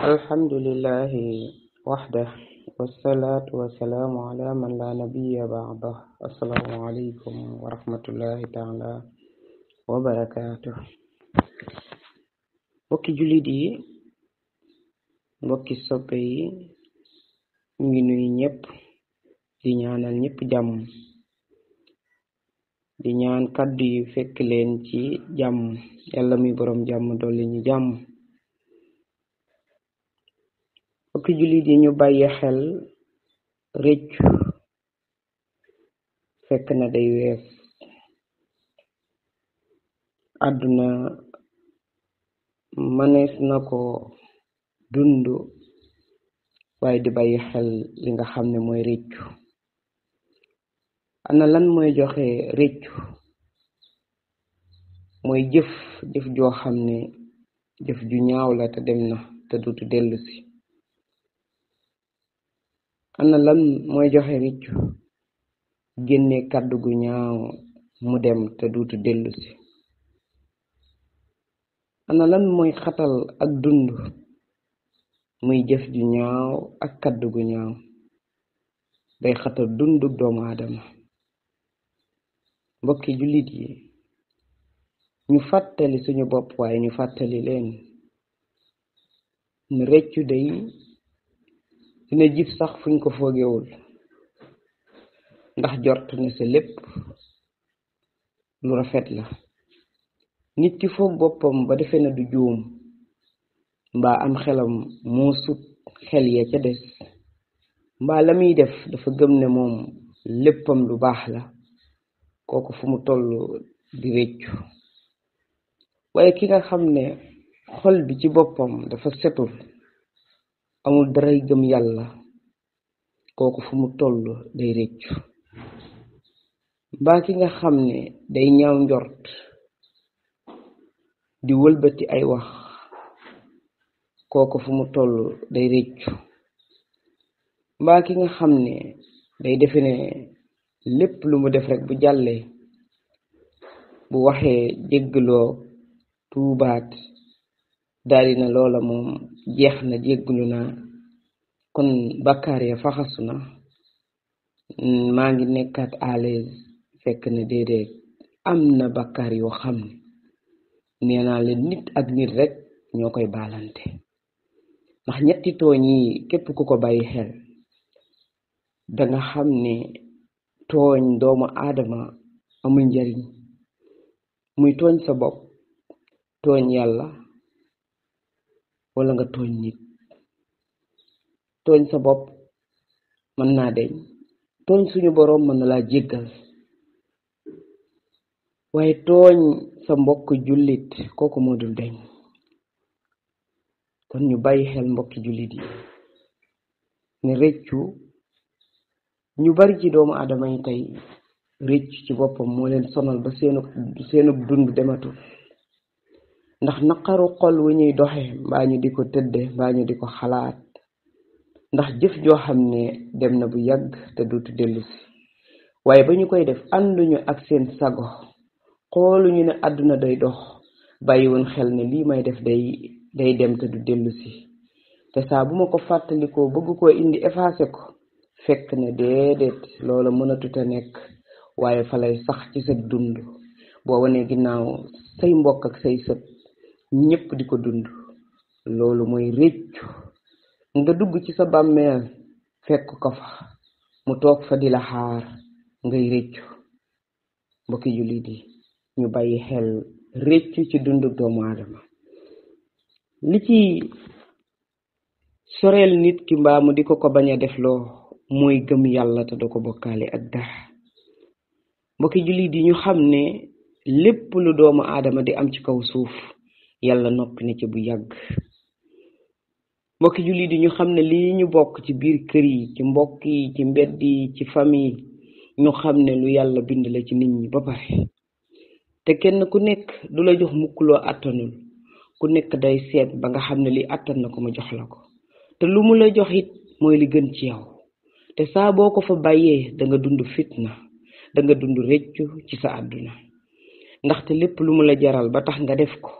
Alhamdulillahi wahdah Wassalatu wassalamu ala man la nabiyya ba'dah Assalamualaikum warahmatullahi ta'ala Wa barakatuh Waki juli di Waki sopayi Nginu nyep Di nyana nyep jam Di nyana kaddi jam Yalami buram jam dolin jam Jam bokki juli di ñu bàyyi xel rëccu fekk na day wees àdduna manees na ko dund di bàyyi xel li nga xam ne mooy rëccu ana lan mooy joxe rëccu mooy jëf jëf joo xam ne jëf ju ñaaw la te dem na te dutu dellu si ana lan mooy joxe riccu génne kàddu gu ñaaw mu dem te duutu dellusi ana lan mooy xatal ak dund muy jëf ju ñaaw ak kàddu gu ñaaw day xatal dundu doomu aadama mbokki jullit yi ñu fàttali suñu bopp waaye ñu fàttali leen rëccu day dina jib sax fuñ ko foogewul ndax jort ne sa lépp lu rafet la nit ki foog boppam ba defe na du juum mbaa am xelam moo xel ya ca des mbaa la muy def dafa gëm ne moom léppam lu baax la kooku fu mu toll di réccu waaye ki nga xam ne xol bi ci boppam dafa setul amul daray gëm yàlla kooku fu mu toll day réccu mbaa ki nga xam ne day ñaaw njort di wëlbati ay wax kooku fu mu toll day réccu mbaa ki nga xam ne day defe ne lépp lu mu def rek bu jàllee bu waxee jéggaloo tuubaat daldi na loola moom jeex na jégglu naa kon bakar ya faxasu na maa ngi nekkaat à fekk na déedéet am na bakkaar yoo xam ne nee naa leen nit ak nit rek ñoo koy baalante ndax ñetti tooñ yi képp ku ko bay xel danga xam ne tooñ doomu aadama amul njariñ muy tooñ sa bopp tooñ yàlla wala nga tooñ nit tooñ sa bopp mën naa deñ tooñ suñu boroom mën na laa jéggal waaye tooñ sa mbokk jullit kooku moo dul deñ kon ñu bàyyi xel mbokki jullit yi ne rëccu ñu bari ci doomu aadama yi tey rëcc ci boppam moo leen sonal ba seenu seenu dund dematul ndax naqaru xol wu ñuy doxe mbaa ñu di ko tëdde mbaa ñu di ko xalaat ndax jëf joo xam ne dem na bu yàgg te duutu dellusi waaye ba ñu koy def ànduñu ak seen sago ñu ne àdduna day dox bàyyi woon xel ne lii may def day day dem te du dellusi te saa bu ma ko fàttalikoo bëgg ko indi effacé ko fekk ne déedéet loola mënatu te nekk waaye fa lay sax ci sa dund boo wanee ginnaaw say mbokk ak say sët ñëpp di ko dund loolu mooy réccu nga dugg ci sa bàmmeel fekk ko fa mu toog fa di la ngay réccu mbokki jullit yi ñu bàyyi xel réccu ci dundu doomu aadama li ci soreel nit ki mbaamu di ko ko bañ a def loo mooy gëm yàlla te du ko bokkaale ak dara mbokki jullit yi ñu xam ne lépp lu doomu aadama di am ci kaw suuf yàlla noppi na ci bu yàgg mbokki jullit yi ñu xam ne lii ñu bokk ci biir kër yi ci mbokk yi ci mbedd yi ci famille ñu xam ne lu yàlla bind la ci nit ñi ba pare te kenn ku nekk du la jox mukk loo àttanul ku nekk day seet ba nga xam ne li àttan na ko ma jox la ko te lu mu la jox mooy li gën ci yow te saa boo ko fa bàyyee danga nga dund fitna da nga dund rëccu ci sa àdduna ndaxte lépp lu mu la jaral ba tax nga def ko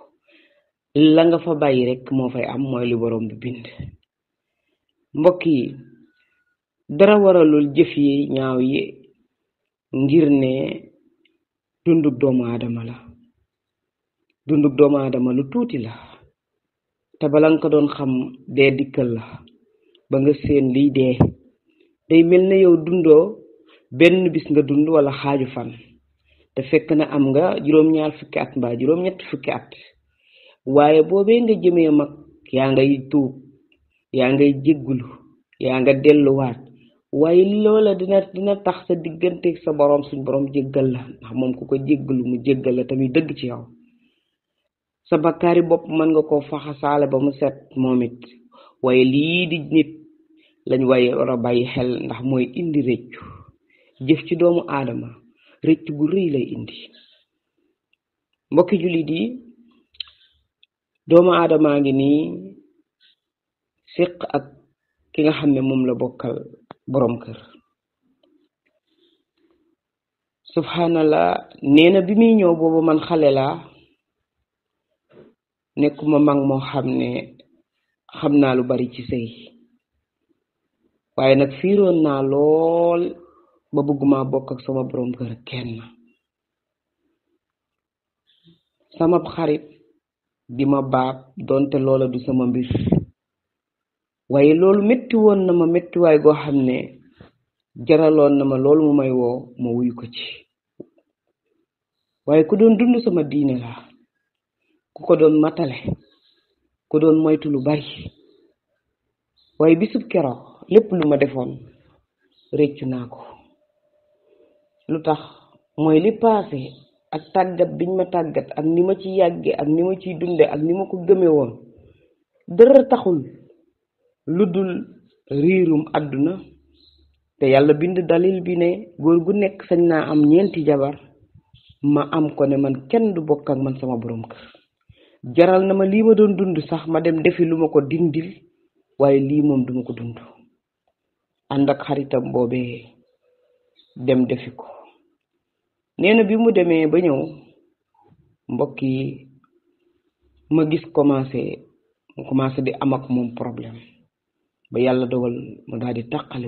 la nga fa bàyyi rek moo fay am mooy li borom bi bind mbokk yi dara waralul jëf yi ñaaw yi ngir ne dundug doomu aadama la dundug doomu aadama lu tuuti la te bala ko doon xam dee dikkal la ba seen liy dee day mel na yow dundoo benn bis nga dund wala xaaju fan te fekk na am nga juróom-ñaar fukki at mbaa juróom-ñetti fukki at waaye boobee nga jëmee mag yaa ngay tuub yaa ngay jéggulu yaa nga delluwaat waaye loola dina dina tax sa digganteeg sa borom suñ boroom jéggal la ndax moom ku ko jéggalu mu jéggal la tamit dëgg ci yow sa bakkaari bopp mën nga koo faxasaale ba mu set moom it waaye lii di nit lañ waaye war a bàyyi xel ndax mooy indi rëccu jëf ci doomu aadama rëccu gu rëy lay indi mbokki jullit yi doomu ada ngi nii siq ak ki nga xam ne moom la bokkal borom kër subhanallah nee na bi muy ñëw boobu man xale laa nekkuma mag moo xam ne xam naa lu bari ci sëy waaye nag fiiroon naa lool ba bëgguma bokk ak sama borom kër kenn sama xarit di ma baab donte loola du sama mbir waaye loolu métti woon na ma méttiwaay goo xam ne jaraloon na ma loolu mu may woo ma wuyu ko ci waaye ku doon dund sama diine la ku ko doon matale ku doon moytu lu bari waaye bisub keroog lépp lu ma defoon réccu naa ko lu tax mooy li paase ak tàggat biñ ma tàggat ak ni ma ci yàgge ak ni ma ciy dunde ak ni ma ko gëme woon dara taxul lu dul riirum àdduna te yàlla bind dalil bi ne góor gu nekk sañ naa am ñeenti jabar ma am ko ne man kenn du bokka man sama borom kër jaral na ma lii ma doon dund sax ma dem defi lu ma ko dindil waaye lii moom duma ko dund ànd ak xaritam boobee dem defi ko nee na bi mu demee ba ñëw mbokk yi ma gis commencé mu commencé di am ak moom problème ba yàlla dogal mu daal di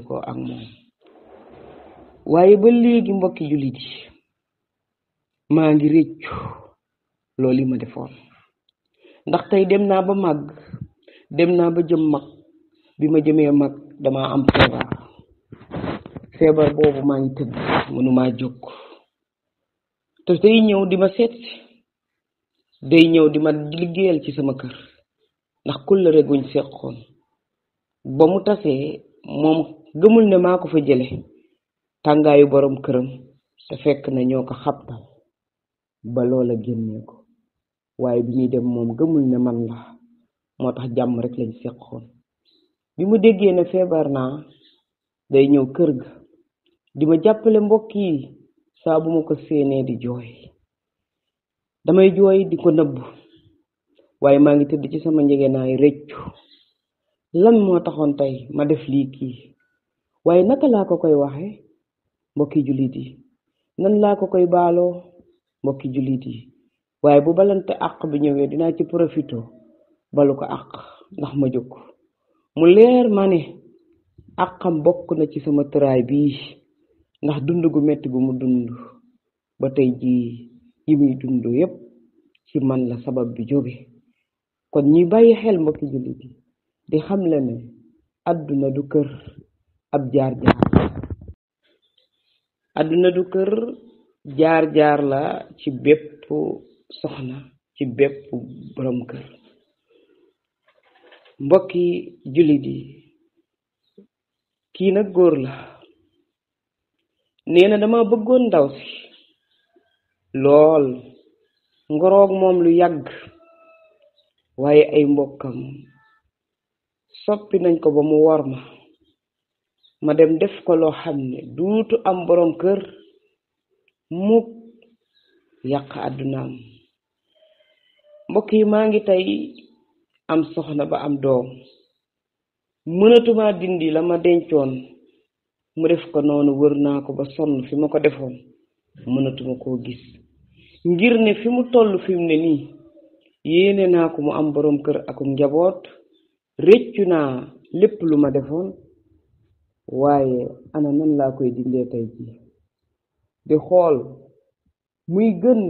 ko am moom waaye ba léegi mbokki jullit yi maa ngi réccu loolu yi ma defoon ndaxte dem naa ba màgg dem naa ba jëm mag bi ma jëmee mag dama am feebar feebar boobu maa ngi tëdd mënumaa jóg te day ñëw di ma seet si day ñëw di ma liggéeyal ci sama kër ndax kóllëre guñ seqoon ba mu tasee moom gëmul ne maa ko fa jële tàngaayu boroom këram te fekk na ñoo ko xabtal ba loola génnee ko waaye bi ñuy dem moom gëmul ne man la moo tax jàmm rek lañ seqoon bi mu déggee ne feebar naa day ñëw kër gi di ma jàppale mbokk yi saa bu ma ko séenee di jooy damay jooy di ko nëbb waaye maa ngi tëdd ci sama njëgënaay rëccu lan moo taxoon tey ma def lii kii waaye naka laa ko koy waxe mbokki jullit yi nan laa ko koy baaloo mbokki jullit yi waaye bu balante àq bi ñëwee dinaa ci profito balu ko àq ndax ma jóg mu leer ma ne àqam bokk na ci sama tëraay bii ndax dund gu metti gu mu dund ba tey jii yi muy dund yépp ci man la sabab bi jóge kon ñi bàyyi xel mbokki jullit yi di xam la ne àdduna du kër ab jaar jaar kër jaar jaar la ci bépp soxna ci bépp borom kër mbokki jullit yi kii nag góor la nee dama bëggoon ndaw si lool ngoroog moom lu yàgg waaye ay mbokkam soppi nañ ko ba mu war ma ma dem def ko loo xam ne duutu am boroom kër mukk yàq àddunaam mbokk yi maa ngi tey am soxna ba am doom mënatuma dindi la ma dencoon mu def ko noonu wër naa ko ba sonn fi ma ko defoon mënatuma koo gis ngir ne fi mu toll fi mu ne nii yéene naa ko mu am boroom kër akum njaboot réccu naa lépp lu ma defoon waaye ana nan laa koy dindee tey jii di xool muy gën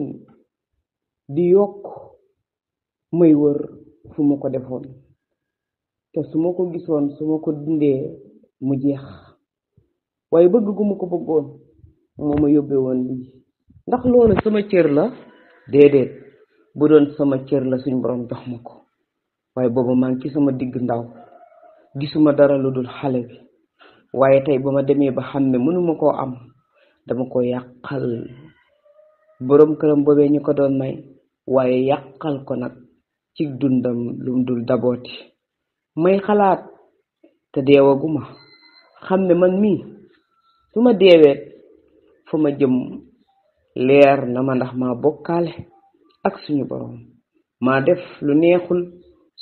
di yokk may wër fu ma ko defoon te su ma ko gisoon su ma ko dindee mu jeex waaye bëgg gu ma ko bëggoon moo ma yóbbee woon lii ndax loolu sama cër la déedéet bu doon sama cër la suñ borom jox ma ko waaye booba maa ngi ci sama digg ndaw gisuma dara lu dul xale bi waaye tey ba ma demee ba xam ne mënuma koo am dama ko yàqal borom këram boobee ñu ko doon may waaye yàqal ko nag ci dundam lum dul dabooti may xalaat te deewaguma xam ne man mii su ma deewee fa ma jëm leer na ma ndax ma bokkaale ak suñu boroom maa def lu neexul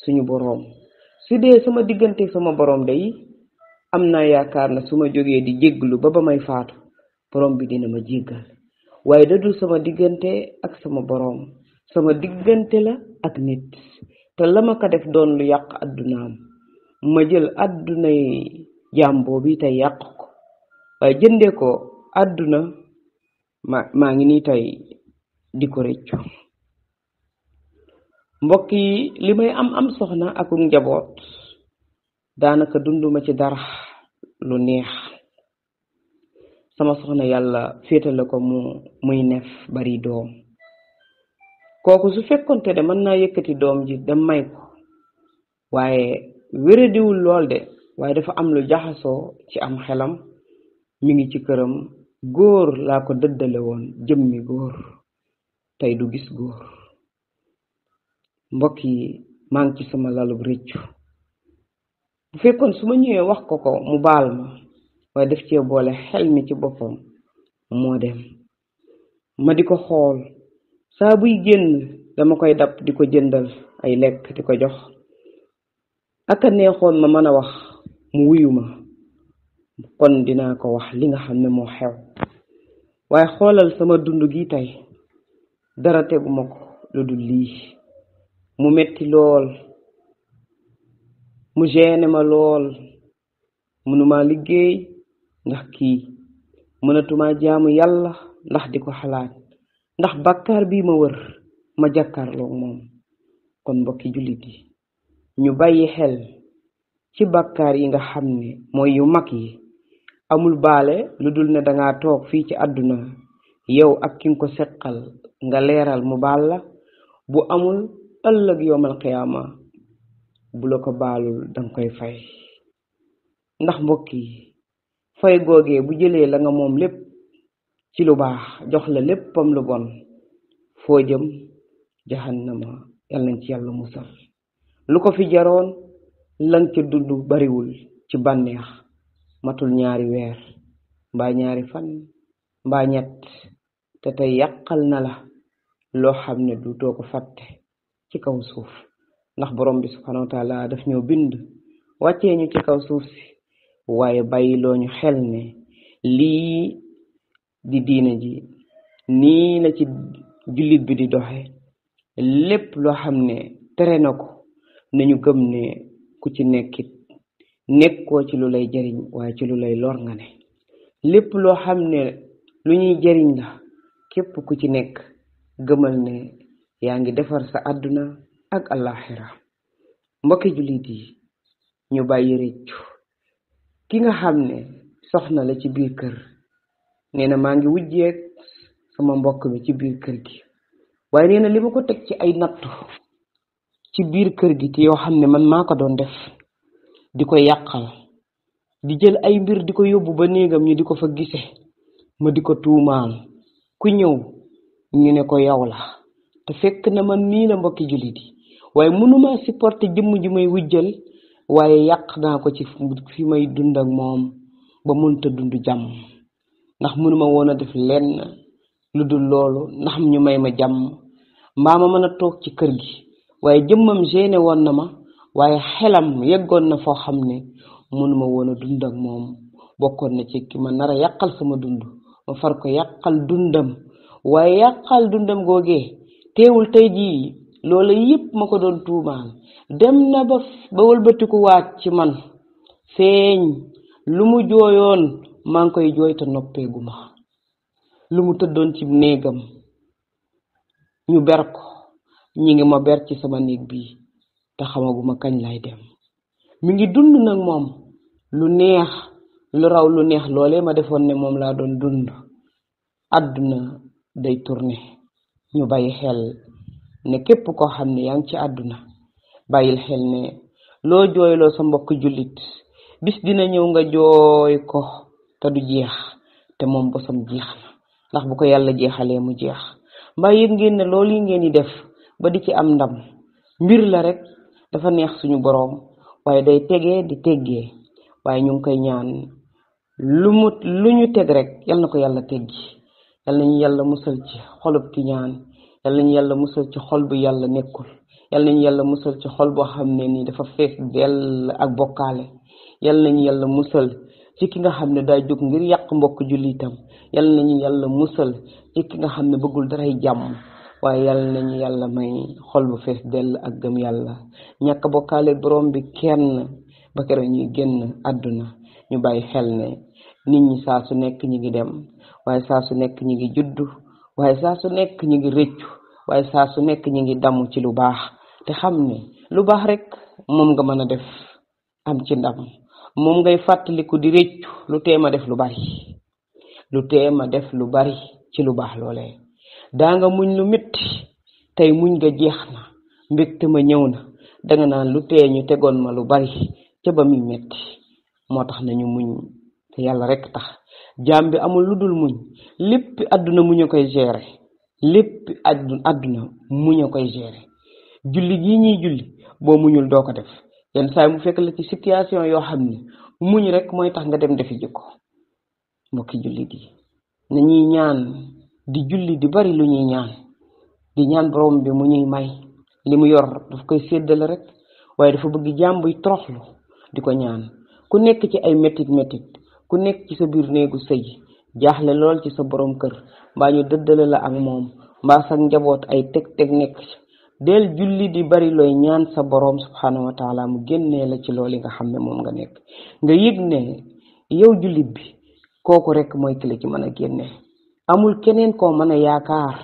suñu boroom su dee sama diggante sama boroom day am na yaakaar na su ma jógee di jégglu ba ba may faatu boroom bi dina ma jéggal waaye dadul sama diggante ak sama boroom sama diggante la ak nit te la ma ko def doon lu yàq addunaam ma jël addunay jaam boobu te yàq ɓay jennde ko adduna maagini tawi diko reccu mbokki limay am am sohna akum njaboot daanaka dunduma ci dara lu neex sama soxna yàlla féetale ko mu muy nef bari doom kooku su fekkonte de mën naa yëkkati doom ji dem may ko waaye wéradiwul lool de waaye dafa am lu jaxasoo ci am xelam mi ngi ci këram góor laa ko dëddale woon jëmmi góor tey du gis góor mbokk yi maa ngi ci sama lalub réccu bu fekkoon su ma ñëwee wax ko ko mu baal ma waaye def cee boole xel mi ci boppam moo dem ma di ko xool saa buy génn dama koy dab di ko jëndal ay lekk di ko jox aka neexoon ma mën a wax mu wuyu ma kon dinaa ko wax li nga xam ne moo xew waaye xoolal sama dund gi tey dara teguma ko lu dul lii mu metti lool mu gêné ma lool mënuma liggéey ndax kii mënatuma jaamu yàlla ndax di ko xalaat ndax bàkkaar bii ma wër ma jàkkaarloog moom kon mbokki jullit yi ñu bàyyi xel ci bàkkaar yi nga xam ne mooy yu mag yi amul baale lu dul ne danga toog fii ci àdduna yow ak ki ko seqal nga leeral mu baal la bu amul ëllëg yowmal xiyaama bu la ko baalul danga koy fay ndax mbokk yi fay googee bu jëlee la nga moom lépp ci lu baax jox la léppam lu bon foo jëm jahannama yal nañ ci yàlla musal lu ko fi jaroon lan ca dund bariwul ci bànneex matul ñaari weer mbaa ñaari fan mbaa ñett te tey na la loo xam ne du too ko ci kaw suuf ndax borom bi subhanahu wa taala daf ñoo bind wàccee ñu ci kaw suuf si waaye bàyyi loo ñu xel ne lii di diina ji ni la ci jullit bi di doxe lépp loo xam ne tere na ko nañu gëm ne ku ci nekkit nekkoo ci lu lay jariñ waaye ci lu lay lor nga ne lépp loo xam ne lu ñuy jariñ la képp ku ci nekk gëmal ne yaa ngi defar sa àdduna ak alaxira mbokki jullit yi ñu bàyyi réccu ki nga xam ne soxna la ci biir kër nee na maa ngi wujjeeg sama mbokk mi ci biir kër gi waaye nee li ma ko teg ci ay nattu ci biir kër gi te yoo xam ne man maa ko doon def di ko yàqal di jël ay mbir di ko yóbbu ba néegam ñu di ko fa gise ma di ko tuumaal ku ñëw ñu ne ko yow la te fekk na man nii la mbokki jullit yi waaye mënuma supporter jëmm ji may wujjal waaye yàq naa ko ci fi may dund ak moom ba mënta dund jàmm ndax mënuma woon a def lenn lu dul loolu ndax ñu may ma jàmm mbaama mën a toog ci kër gi waaye jëmmam génne woon na ma waaye xelam yeggoon na foo xam ne mënuma woon a dund moom bokkoon na ci ki ma nar a yàqal sama dund ma far ko yàqal dundam waaye yàqal dundam googee teewul tey jii loola yépp ma ko doon tuumaan dem na ba ba wëlbatiku waat ci man feeñ lu mu jooyoon maa ngi koy jooy te noppeegu lumu lu mu tëddoon ci néegam ñu ber ko ngi ma ber ci sama néeg bi te xamaguma kañ lay dem mi ngi dund nag moom lu neex lu raw lu neex loole ma defoon ne moom laa doon dund àdduna day tourné ñu bàyyi xel ne képp koo xam ne yaa ngi ci àdduna bàyyil xel ne loo jooyloo sa mbokk jullit bis dina ñëw nga jooy ko te du jeex te moom bosam jeex na ndax bu ko yàlla jeexalee mu jeex mbaa yëg ngeen ne loolu yi ngeen di def ba di ci am ndam mbir la rek dafa neex suñu boroom waaye day tege di teggee waaye ñu ngi koy ñaan lu mu lu ñu teg rek yal na ko yàlla teggi yal nañu yàlla musal ci xolub ki ñaan yal nañu yàlla musal ci xol bu yàlla nekkul yal nañu yàlla musal ci xol boo xam ne nii dafa fees dell ak bokkaale yal nañu yàlla musal ci ki nga xam ne daa jóg ngir yàq mbokk jullitam yal nañu yàlla musal ci ki nga xam ne bëggul daray jàmm waaye yàlla nañu yàlla may xol bu fees dell ak gëm yàlla ñàkk bokkaale borom bi kenn ba keroog ñuy génn àdduna ñu bàyyi xel ne nit ñi saa su nekk ñi ngi dem waaye saa su nekk ñi ngi juddu waaye saa su nekk ñi ngi rëccu waaye nekk ñi ngi damu ci lu baax te xam ne lu baax rek moom nga mën a def am ci ndam moom ngay fàttaliku di rëccu lu teema def lu bari lu teema def lu bari ci lu baax loolee daa nga muñ lu metti tey muñ nga jeex na te ma ñëw na danga naan lu tee ñu tegoon ma lu bari ca ba muy metti moo tax nañu muñ te yàlla rekk tax jaam bi amul lu dul muñ lépp adduna muñ a koy gérer léppi àdduna muñ koy gérer julli gii ñuy julli boo muñul doo ko def yenn saa yi mu fekk la ci situation yoo xam ne muñ rek mooy tax nga dem defi jikko mbokki jullit yi nañuy ñaan di julli di bari lu ñuy ñaan di ñaan borom bi mu ñuy may li mu yor daf koy séddale rek waaye dafa bëgg jaam buy di ko ñaan ku nekk ci ay métit métit ku nekk ci sa biir néegu sëy jaaxle lool ci sa borom kër mbaa ñu dëddale la ak moom mbaa sa njaboot ay teg teg nekk del julli di bari looy ñaan sa borom subhanahu wa mu génnee la ci loolu nga xam ne moom nga nekk nga yëg ne yow jullit bi kooku rek mooy ki la ci mën a génnee amul keneen koo mën a yaakaar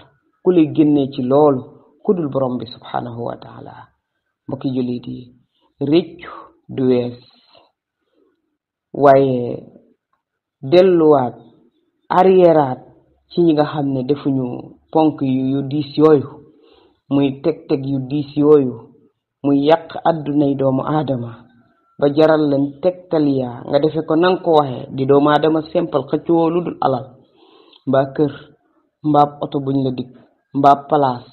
ku lay génnee ci loolu ku dul borom bi subhanahu wa taala mbokki jullit yi réccu du wees waaye delluwaat arriéraat ci ñi nga xam ne defuñu ponk yu diis yooyu muy teg-teg yu diis yooyu muy yàq àddunay doomu aadama ba jaral tegtal ya nga defe ko nang ko waxe di doomu aadama simple xëccoo lu dul alal mbaa kër mbaa oto buñ la dig mbaa palaas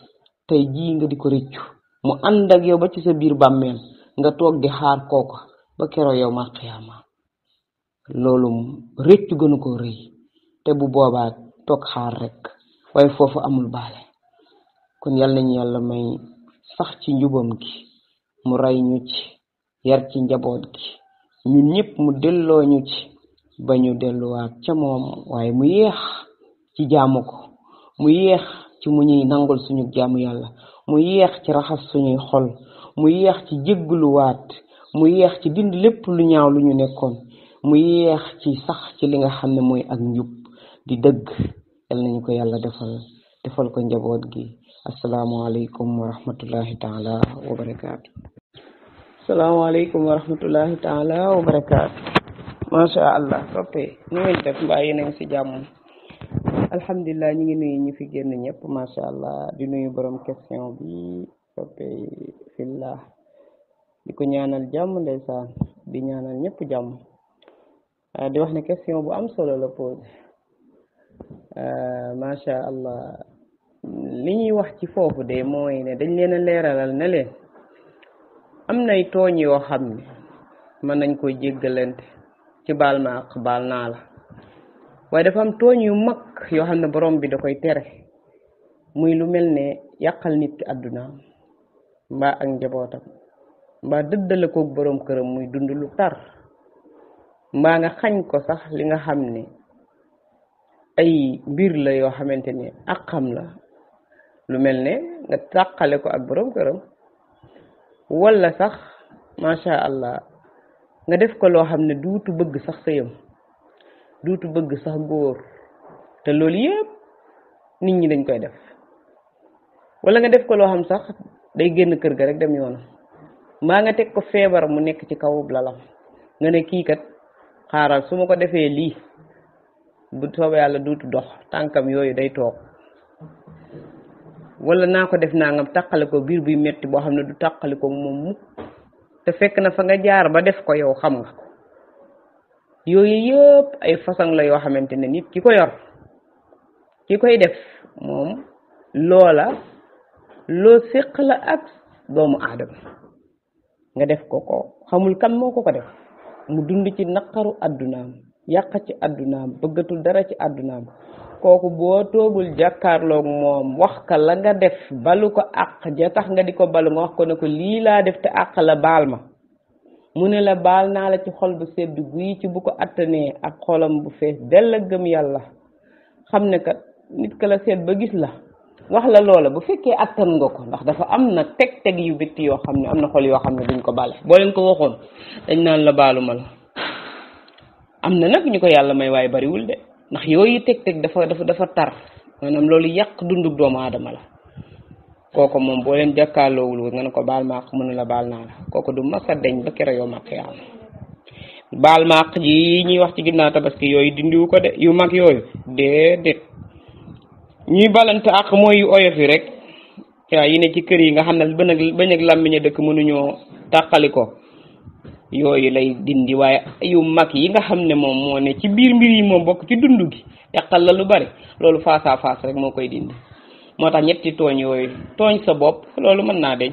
tey jii nga di ko rëccu mu ànd ak ba ci sa biir bàmmeel nga toog di xaar kooka ba keroo yow ma xiyaama loolu rëccu gënu koo rëy te bu boobaa toog xaar rekk waaye foofu amul baale kon yal nañu yàlla may sax ci njubam gi mu rey ñu ci yar ci njaboot gi ñun ñëpp mu delloo ñu ci ba ñu delluwaat ca moom waaye mu yéex ci jaamu ko mu yeex ci mu ñuy nangul suñu jaamu yàlla mu yeex ci raxas suñuy xol mu yeex ci waat mu yeex ci dind lépp lu ñaaw lu ñu nekkoon mu yeex ci sax ci li nga xam ne mooy ak njub di dëgg yal nañu ko yàlla defal defal ko njaboot gi asalaamualeykum wa rahmatullahi taala wa barakaatu asalaamualeykum wa rahmatullahi taala wa barakaatu masha allah toppee nu ngeen def mbaa si jàmm alhamdulillah ñi ngi nuyu ñi fi ñep ma masha allah di nuyu borom question bi topé fillah di ko ñaanal jamm ndeysaan di ñaanal ñëpp jàmm ah, di wax ni question bu am solo la ma ah, masha allah li ñi wax ci fofu de moy ne dañ leena leralal leeralal ne leen am nay toñ yo xamni man nañ ko jéggalante ci ak la dafa am toñ yu mag yoo xam ne boroom bi da koy tere muy lu mel ne yàqal nit ki àdduna mbaa ak njabootam mbaa dëddale koog boroom këram muy dund lu tar mbaa nga xañ ko sax li nga xam ne ay mbir la yoo xamante ne ak xam la lu mel ne nga tàqale ko ak boroom këram walla sax macha allah nga def ko loo xam ne dutu bëgg sax sëyam duutu bëgg sax góor te loolu yëpp nit ñi dañ koy def walla nga def ko loo xam sax day génn kër ga rek dem yoonam maa nga teg ko feebar mu nekk ci kaw lalam nga ne kii kat xaaral su ma ko defee lii bu soobee yàlla duutu dox tànkam yooyu day toog wala naa ko def naa nga tàqale ko biir buy metti boo xam ne du tàqale ko moom mukk te fekk na fa nga jaar ba def ko yow xam nga ko yooyu yëpp ay façon la yoo xamante ne nit ki ko yor ki koy def moom loola loo séq la ak doomu aadama nga def ko ko xamul kan moo ko ko def mu dund ci naqaru àddunaam yàq ci àddunaam bëggatul dara ci àddunaam kooku boo toogul jàkkaarloog moom wax ka la nga def balu ko àq ja tax nga di ko balu nga wax ko ne ko lii laa def te àq la baal ma mu ne la baal naa la ci xol bu sedd guy ci bu ko attanee ak xolam bu fees dell ak gëm yàlla xam ne kat nit ka la seet ba gis la wax la loola bu fekkee attan nga ko ndax dafa am na teg-teg yu bitti yoo xam ne am na xol yoo xam ne duñ ko bale boo leen ko waxoon dañ naan la baaluma la am na nag ñu ko yàlla may waaye bariwul de ndax yooyu teg dafa dafa dafa tar maanaam loolu yàq dundub doomu aadama kooku moom boo leen jàkkaarloowul nga ne ko baal ma àq mënu la baal naa la kooku du masa deñ ba kere yoo màq yaa baal ma àq ji ñuy wax ci ginnaaw tabaski yooyu dindiwu ko de yu mag yooyu déedéet ñuy balante ak yu oyof yi rek ya yi ne ci kër yi nga xam ne bañ ak bañ ak lay dindi way yu mak yi nga xamne mom mo ne ci bir mbir yi mom bok ci dundu gi yàqal la lu bari lolu face à rek mo koy dindi moo ñetti tooñ yoy tooñ sa bop lolu mën na deñ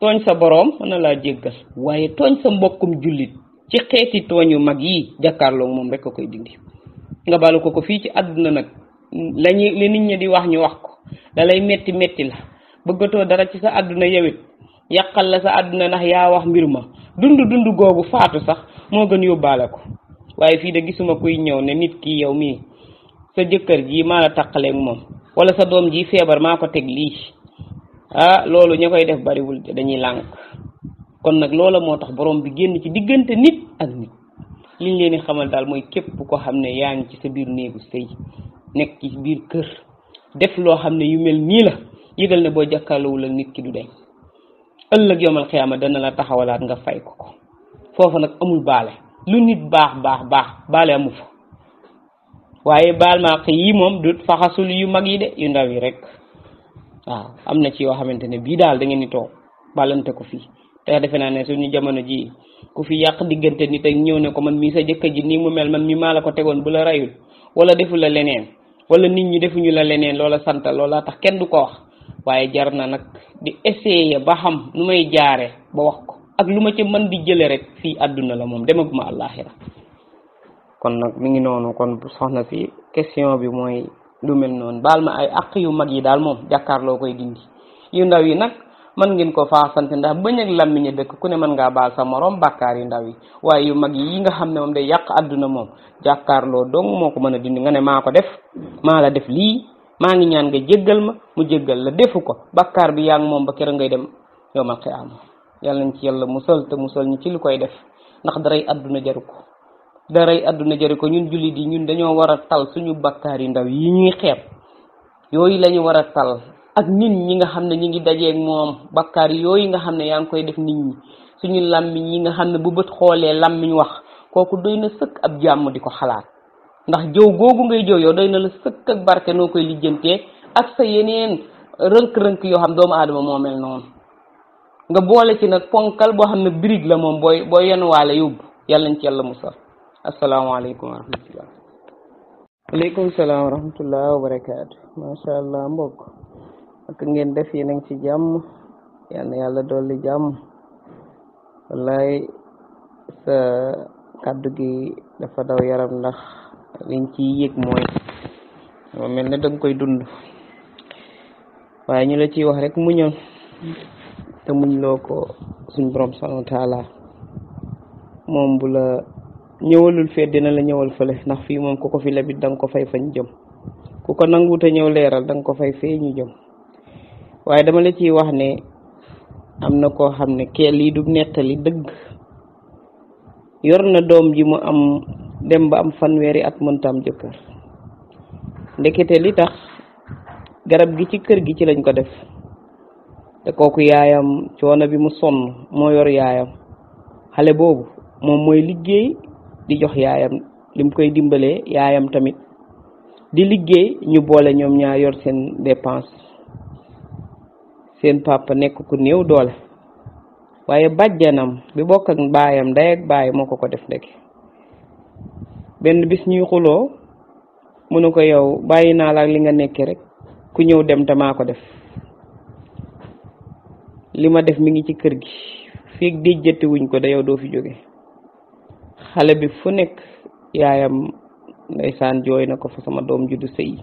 tooñ sa borom mën la jéggal waye tooñ sa mbokum julit ci xéti yu mag yi jakarlo mom rek ko koy dindi nga balu ko ko fi ci aduna nak lañuy la nit ñi di wax ñu wax ko dalay metti métti la bëggatoo dara ci sa àdduna yowit yàqal la sa àdduna ndax yaa wax mbir ma dund dund googu faatu sax moo gën yóbbaale ko waaye fii de gisuma kuy ñëw ne nit ki yow mii sa jëkkër ji maa la taqaleeg moom wala sa doom ji feebar maa ko teg lii ah loolu ña koy def bariwul dañuy lànk kon nag loola moo tax borom bi génn ci diggante nit ak nit liñ leen di xamal daal mooy képp ko xam ne yaa ngi ci sa biir néegu sëy nekk ci biir kër def loo xam ne yu mel nii la yëgal ne boo jàkkaarloowul ak nit ki du deñ ëllëg yomal xiyaama dana la taxawalaat nga fay ko ko foofu nag amul baale lu nit baax baax baax baale amu fa waaye baal maaq yi moom du faxasul yu mag yi de yu ndaw yi rek waaw am na ci yoo xamante ne bii daal da ngeen di toog balante ko fii te defe naa ne suñu jamono ji ko fi yàq diggante nit ak ñëw ne ko man mii sa jëkkër ji nii mu mel man mii maa la ko tegoon bu la rayul wala deful la leneen wala nit ñi ñu la leneen loola sant laa tax kenn du ko wax waaye jar na nag di essayer ba xam nu may jaare ba wax ko ak lu ma ci man di jële rek fii àdduna la moom ma àllaaxira kon nag mu ngi noonu kon soxna si question bi mooy lu mel noonu baal ma ay àq yu mag yi daal moom jàkkaarloo koy dindi yu ndaw yi nag man ngeen ko faasante ndax bañ ak lamiñe dekk ku ne man nga baal sa morom bakkar yi ndaw yi waaye yu mag yi nga xam ne moom day yàq àdduna moom jàkkaarloo dong moo ko dindi nga ne maa def maa la def lii maa ngi ñaan nga jéggal ma mu jéggal la defu ko bakkar bi yaa ngi moom ba kera ngay dem ma qiyaam yàlla nañ ci yàlla musal te musal ñu ci li koy def ndax daray àdduna jaru ko daray àdduna jaru ko ñun jullit yi ñun dañoo war tal suñu bakkar yi ndaw yi ñuy xeeb yooyu lañu war tal ak nit ñi nga xam ne ñu ngi dajeeg moom bakkaar yooyu nga xam ne yaa ngi koy def nit ñi suñu làmmiñ yi nga xam ne bu bët xoolee làmmiñ wax kooku doy na sëkk ab jàmm di ko xalaat ndax jëw googu ngay jëw yow doy na la sëkk ak barke noo koy lijjantee ak sa yeneen rënk-rënk yoo xam doomu aadama moo mel noonu nga boole ci nag ponkal boo xam ne birig la moom booy booy yenuwaale yóbbu yàlla nañ ci yàlla musal asalaamaaleykum wa rahmatullah aleykum salaam wa rahmatullah wa allah mbokk ak ngeen def yéen a ngi ci jàmm yal na yàlla dolli jàmm wallaay sa kàddu gi dafa daw yaram ndax liñ ci yëg mooy moo mel ne danga koy dund waaye ñu la ciy wax rek muñoon te muñ loo ko suñ borom subhanahu wa taala moom bu ñëwalul feet dina la ñëwal fële ndax fii moom ku ko fi lebit da ko fay fañ jëm ku ko nanguwut ñëw leeral da ko fay fee ñu jëm waaye dama la ciy wax ne am na koo xam ne kee lii du nettali dëgg yor na doom ji mu am dem ba am fanweeri at mënta am jëkkër ndekete li tax garab gi ci kër gi ci lañ ko def te kooku yaayam coono bi mu sonn moo yor yaayam xale boobu moom mooy liggéey di jox yaayam lim koy dimbalee yaayam tamit di liggéey ñu boole ñoom ñaa yor seen dépense seen papa nekk ku néew doole waaye bàjjanam bi bokk baayam day ak baay moo ko ko def ndeke benn bis ñuy xuloo mu ne ko yow bàyyi naa la li nga nekkee rek ku ñëw dem te maa ko def lima def mi ngi ci kër gi fii déjjati wuñ ko da yow doo fi jóge xale bi fu nekk yaayam ndeysaan jooy na ko fa sama doom ju du sëy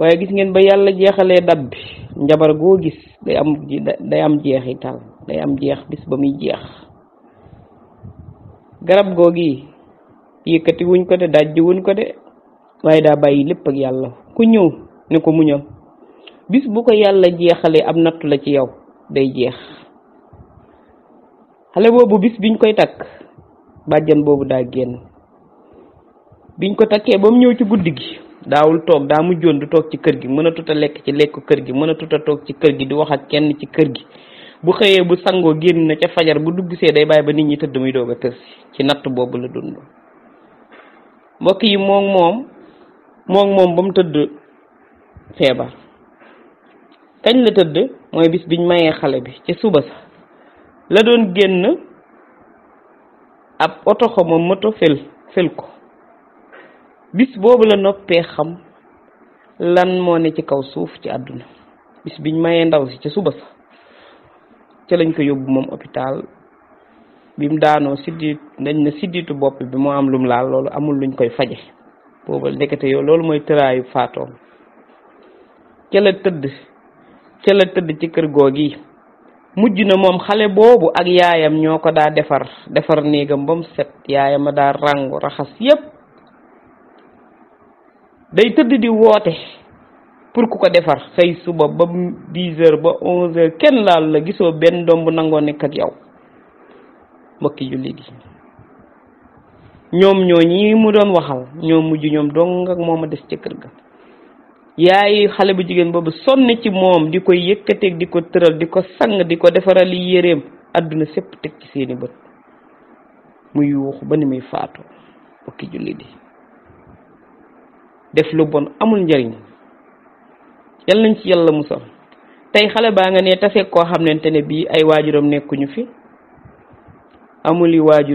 waye gis ngeen ba yalla jeexale dab bi njabar go gis day am day am jeexital day am jeex bis ba muy jeex garab gogi yekati wuñ ko de dajji wuñ ko de waye da bayyi lepp ak yalla ku ñew ne ko muñal bis bu ko yalla jeexale am nattu la ci yow day jeex xale bobu bis biñ koy tak bajjan bobu da genn biñ ko takke bam ñew ci guddigi daawul toog daa mu joon du toog ci kër gi mënatut a lekk ci lekk kër gi mënatut a toog ci kër gi di wax ak kenn ci kër gi bu xëyee bu sangoo génn na ca fajar bu duggsee day bàyyi ba nit ñi tëdd muy doog a tës ci natt boobu la dund mbokk yi moom moom moom ba mu tëdd feebar kañ la tëdd mooy bis biñ mayee xale bi ci suba sax la doon génn ab oto xoma moto fel fel ko bis boobu la noppee xam lan moo ne ci kaw suuf ci àdduna bis biñ mayee ndaw si ca suba sax ca lañ ko yóbbu moom hôpital bim daanoo siddit dañ na sidditu bopp bi mu am lum laal loolu amul luñ koy faje boobu ndekete yow loolu mooy tëraayu faatoom ca la tëdd ca la tëdd ci kër googi mujj na moom xale boobu ak yaayam ñoo ko daa defar defar néegam ba set yaayam a daa ràngu raxas yépp day tëdd di woote pour ku ko defar xëy suba ba dix ba onze heures kenn laal la gisoo benn doom bu nangoo nekk ak yow mbokki julli gi ñoom ñoo ñi mu doon waxal ñoo mujj ñoom dong ak moom a des ca kër ga yaay xale bu jigéen boobu sonn ci moom di koy yëkkateeg di ko tëral di ko sang di ko defaral yi yéreem àdduna sépp teg ci seeni bët mu yuuxu ba ni muy faatoo mbokki julli di def lu bon amul njariñ yalla nañ ci yalla musal tay xale ba nga ne tase ko xamne ne bi ay wajuram nekkuñu fi amul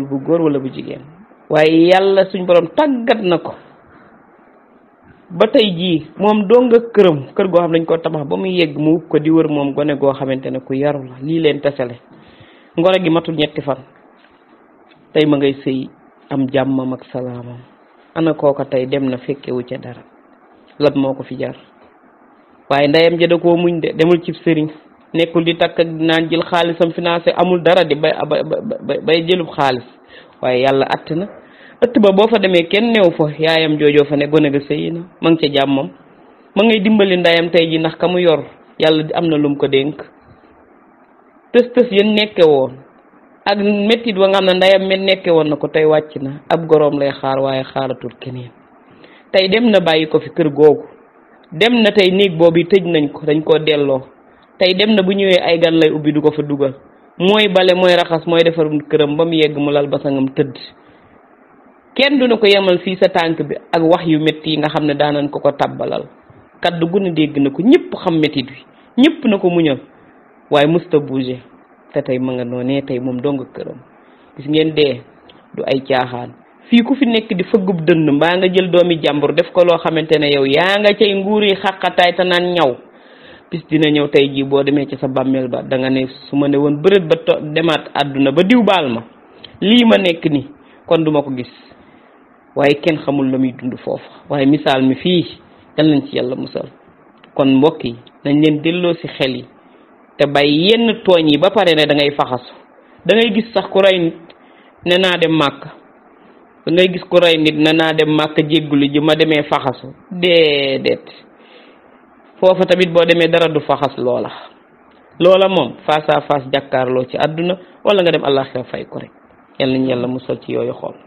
bu gor wala bu jigen waye yalla suñ borom tagat nako ko ba tey jii moom doo nga kërëm kër go xamne ko tabax ba muy yegg mu ko di wër mom gone go xamante ku yaru la li leen tassale matul ñetti fan tay ma ngay sey am jàmmam ak salamam ana kooka tey dem na fekkewu ca dara lan moo ko fi jar waaye ndeyam ja da koo muñ de demul cib sëriñ nekkul di takk ak naan jël xaalisam financé amul dara di bay bay jëlub xaalis waaye yàlla att na ëtt ba boo fa demee kenn new fa yaayam joojoo fa ne gone ga sëyi na ma ngi ca jàmmam ma ngay dimbali ndeyam tey ji ndax ka mu yor yàlla di am na lum ko dénk tës tës yéen nekke woon ak méttit wa nga xam ne ndeyam met nekke woon na ko tey wàcc na ab goroom lay xaar waaye xaaratul keneen tey dem na bàyyi ko fi kër googu dem na tey néeg boobu tëj nañ ko dañ koo delloo tey dem na bu ñëwee ay gan lay ubbi du ko fa dugal mooy bale mooy raxas mooy defarum këram ba mu yegg mu lal basangam tëdd kenn du na ko yemal fii sa tànk bi ak wax yu métti yi nga xam ne daanañ ko ko tàbbalal kaddu gu ne dégg na ko ñëpp xam métit bi ñëpp na ko muñal waaye musta bouger te tay ma nga noné tay mom dong keureum gis ngeen dé du ay tiaxaan fii ku fi nek di feugub dënd mbaa nga jël doomi jambour def ko lo xamantene ne yow ya nga cey nguuri xàqataay te nan ñaw bis dina ñëw tay ji bo démé ci sa bammel ba da nga ne suma né won bëreet ba démat aduna ba diw baal ma li ma nek ni kon duma ko gis waye kenn xamul lamuy dund fofu waye misal mi fi yal nañ ci yalla musal kon mbokk yi nañ leen delo si xel yi te bàyyi yenn tooñ yi ba pare ne dangay ngay faxasu da gis sax ku rey nit ne naa dem màkk da ngay gis ku rey nit ne naa dem màkk jéggulu ji ma demee faxasu déedéet foofa tamit boo demee dara du faxas loola loola moom face à jàkkaarloo ci àdduna wala nga dem àllaaxira fay ko rek yal nañu yàlla musal ci yooyu xool